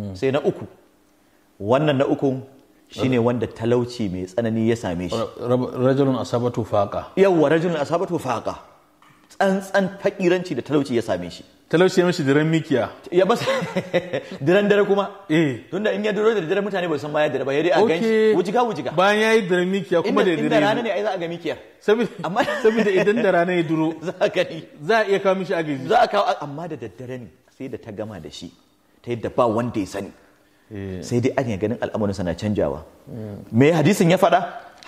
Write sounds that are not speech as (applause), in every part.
Hmm. sai na uku wannan na ukun shine wanda talauci mai tsanani ya same shi rajulun asabatu faqa yawwa rajulun asabatu faqa tsantsan fakiranci da talauci ya same shi talauci ya mishi diran mikiya ya bas (laughs) diran dare kuma eh tunda in ya duro da dare mutane ba san ma ya dare ba ya dai a ganshi wujiga wujiga bayan yayi diran mikiya kuma da dare inda rana ne ai za a ga mikiyar amma (laughs) saboda idan da rana ya duro (laughs) za a za a iya kawo mishi agaji za a kawo amma da daddare ne sai da ta gama da shi ta yadda ba wanda ya sani eh. sai dai an ganin al'amuransa sana canjawa me hadisin ya faɗa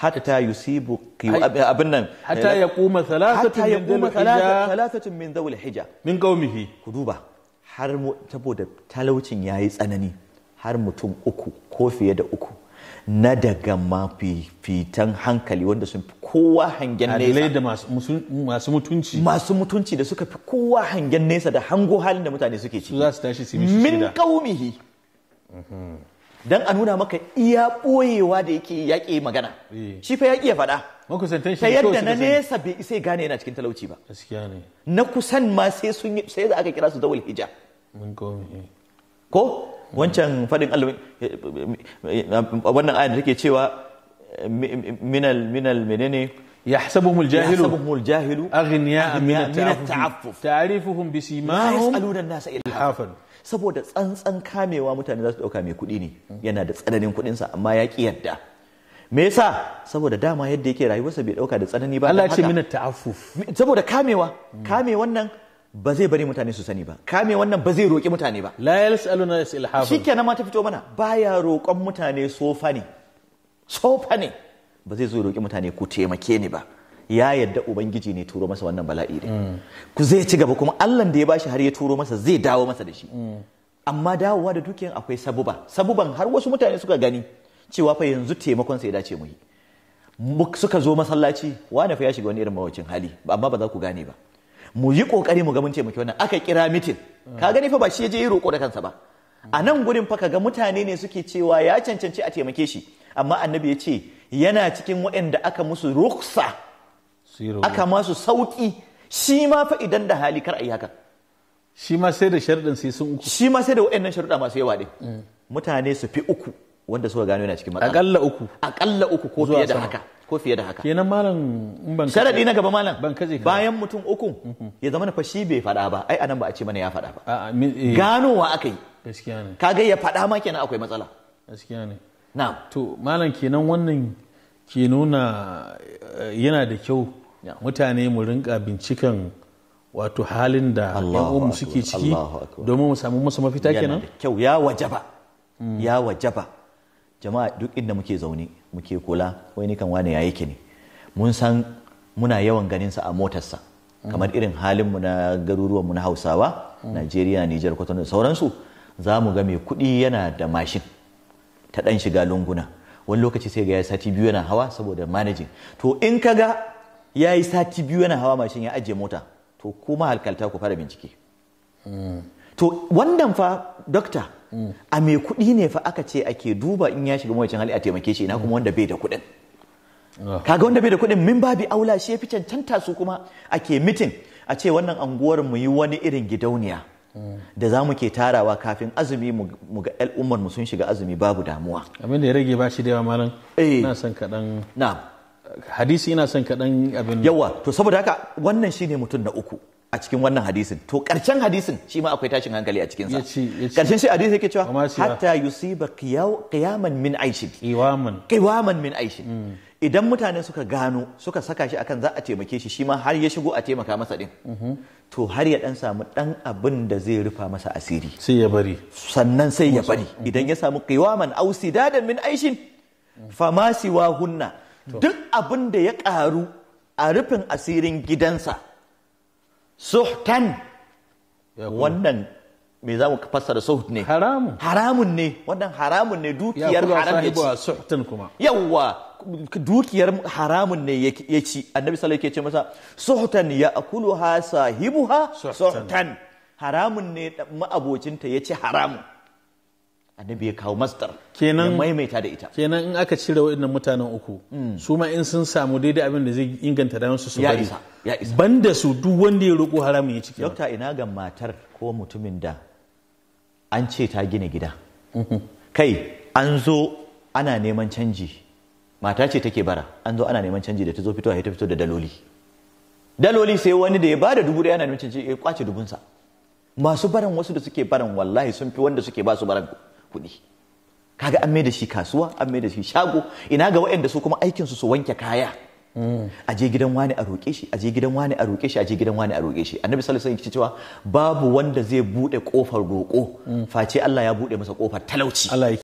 hatta ta yusibu abin nan hatta eh, ya kuma thalathatun min dhul hija min qaumihi ku duba har saboda talaucin yayi tsanani har mutum uku ko fiye da uku na daga mafifitan hankali wanda sun fi kowa hangen nesa da masu mutunci masu mutunci da suka fi kowa hangen nesa da hango halin da mutane suke ciki za su tashi su mishi min kaumihi. dan a nuna maka iya boyewa da yake yaƙi magana eh. shi fa yaƙi ya faɗa ta yadda na nesa bai isa gane yana cikin talauci ba na kusan ma sai sun da aka kira su dawul hija ko wancan faɗin Allah wannan ayyana da take cewa minal minal menene يحسبهم الجاهل يحسبهم الجاهل Ta من التعفف تعرفهم بسيماهم لا يسألون الناس إلحافا saboda tsantsan kamewa mutane za su dauka mai kuɗi ne yana da tsananin kuɗin amma ya ƙi yadda me yasa saboda dama yadda yake rayuwarsa bai dauka da tsanani ba Allah ce min ta'affuf saboda kamewa kame wannan ba zai bari mutane su sani ba kame wannan ba zai roƙi mutane ba la yas'aluna ilhafa shikenan ma ta fito mana baya roƙon mutane sofa ne sofa ne ba zai zo roƙi mutane ku taimake ni ba ya yadda ubangiji ne turo masa wannan bala'i ne mm. ku zai ci gaba kuma Allah da ya bashi har ya turo masa zai dawo masa da shi mm. amma dawowa da dukiyan akwai sabuba sabuban har wasu mutane suka gani cewa fa yanzu taimakon sai ya dace mu yi suka zo masallaci wani fa ya shiga wani irin mawacin hali amma ba za ku gane ba mu yi kokari mu ga mun taimaki wannan aka kira mitin ka gani fa ba shi je yi roko da kansa ba a nan gurin fa ga mutane ne suke cewa ya cancanci a taimake shi amma annabi ya ce yana cikin waɗanda aka musu ruksa aka masu sauki shi ma fa idan da hali kar a yi haka shi ma sai da sharɗin sai sun uku shi ma sai da waɗannan sharuɗa masu yawa ɗin mutane su fi uku wanda suka gano yana cikin matsala akalla uku akalla uku ko fiye da haka ko fiye da haka kenan malam ban sharadi na gaba malam ban kaje bayan mutum uku mhm. ya zama fa shi bai faɗa ba ai anan ba a ce mana ya faɗa ba eh. ganowa aka yi gaskiya ne kaga ya faɗa ma kenan akwai matsala gaskiya ne na'am to malam kenan wannan ke nuna eh, yana da kyau mutane mu rinka binciken wato halin da mu suke ciki domin mu samu masa mafita kenan kyau ya wajaba mm. ya wajaba jama'a duk inda muke zaune muke kula wai ni kan wane ya yake ne mun san muna yawan ganin sa a motarsa kamar mm. irin halin mu na garuruwan mu na Hausawa mm. Najeriya Niger Kwatano da sauransu za mu ga mai kuɗi yana da mashin ta ɗan shiga lunguna wani lokaci sai ga ya sati biyu yana hawa saboda manajin to in ka ga ya yi sati biyu yana hawa mashin ya ajiye mota to kuma halkalta ku fara bincike mm. to wannan fa dokta a mai kuɗi ne fa aka ce ake duba in ya shiga mawacin hali a taimake shi ina kuma wanda bai da kuɗin ah. kaga wanda bai da kuɗin min babi aula shi ya fi cancanta su kuma ake mitin a ce wannan anguwar mu yi wani irin gidauniya da za mu ke tarawa kafin azumi mu ga al'ummar mu sun shiga azumi babu damuwa abin da ya rage ba shi da yawa malam eh. ina son kaɗan na'am hadisi ina son kaɗan abin yawa to saboda haka wannan shine mutum na uku a cikin wannan hadisin to karshen hadisin shi ma akwai tashin hankali a cikinsa karshen shi hadisi yake cewa hatta yusiba qiyaman min aishin qiwaman qiwaman min aishin hmm. idan mutane suka gano suka saka shi akan za a taimake shi shi ma har ya shigo a taimaka masa din mm-hmm. to har ya dan samu dan abin da zai rufa masa asiri sai ya bari sannan sai ya bari mm-hmm. idan ya samu qiwaman aw sidadan min aishin mm. famasi siwa hunna duk abin da ya karu a rufin asirin gidansa suhtan wannan me za mu fassara suht ne haramun haramun ne wannan haramun ne dukiyar haram ya ci suhtan kuma yawa dukiyar haramun ne ya ci annabi sallallahu alaihi ce masa suhtan ya akuluha sahibuha suhtan haramun ne ma'abocinta ya ci haramun annabi ya kawo masdar kenan maimaita da ita kenan in aka cire waɗannan mutanen uku hmm. su ma in sun samu daidai abin da zai inganta da su su bari banda su duk wanda ya roƙo haramun ya ciki dokta ina ga matar ko mutumin da an ce ta gina gida mhm. kai an zo ana neman canji mata ce take bara an zo ana neman canji da ta zo fito a ta fito da daloli daloli sai wani da ya bada dubu da yana neman canji ya kwace dubunsa masu baran wasu da suke baran wallahi sun fi wanda suke ba su baran kuɗi kaga an mai da shi kasuwa an mai da shi shago ina ga waɗanda su kuma aikinsu su wanke kaya a je gidan wani a roƙe shi a je gidan wani a roƙe shi a je gidan wani a roƙe shi annabi sallallahu alaihi wasallam cewa babu wanda zai bude kofar roƙo face Allah ya bude masa kofar talauci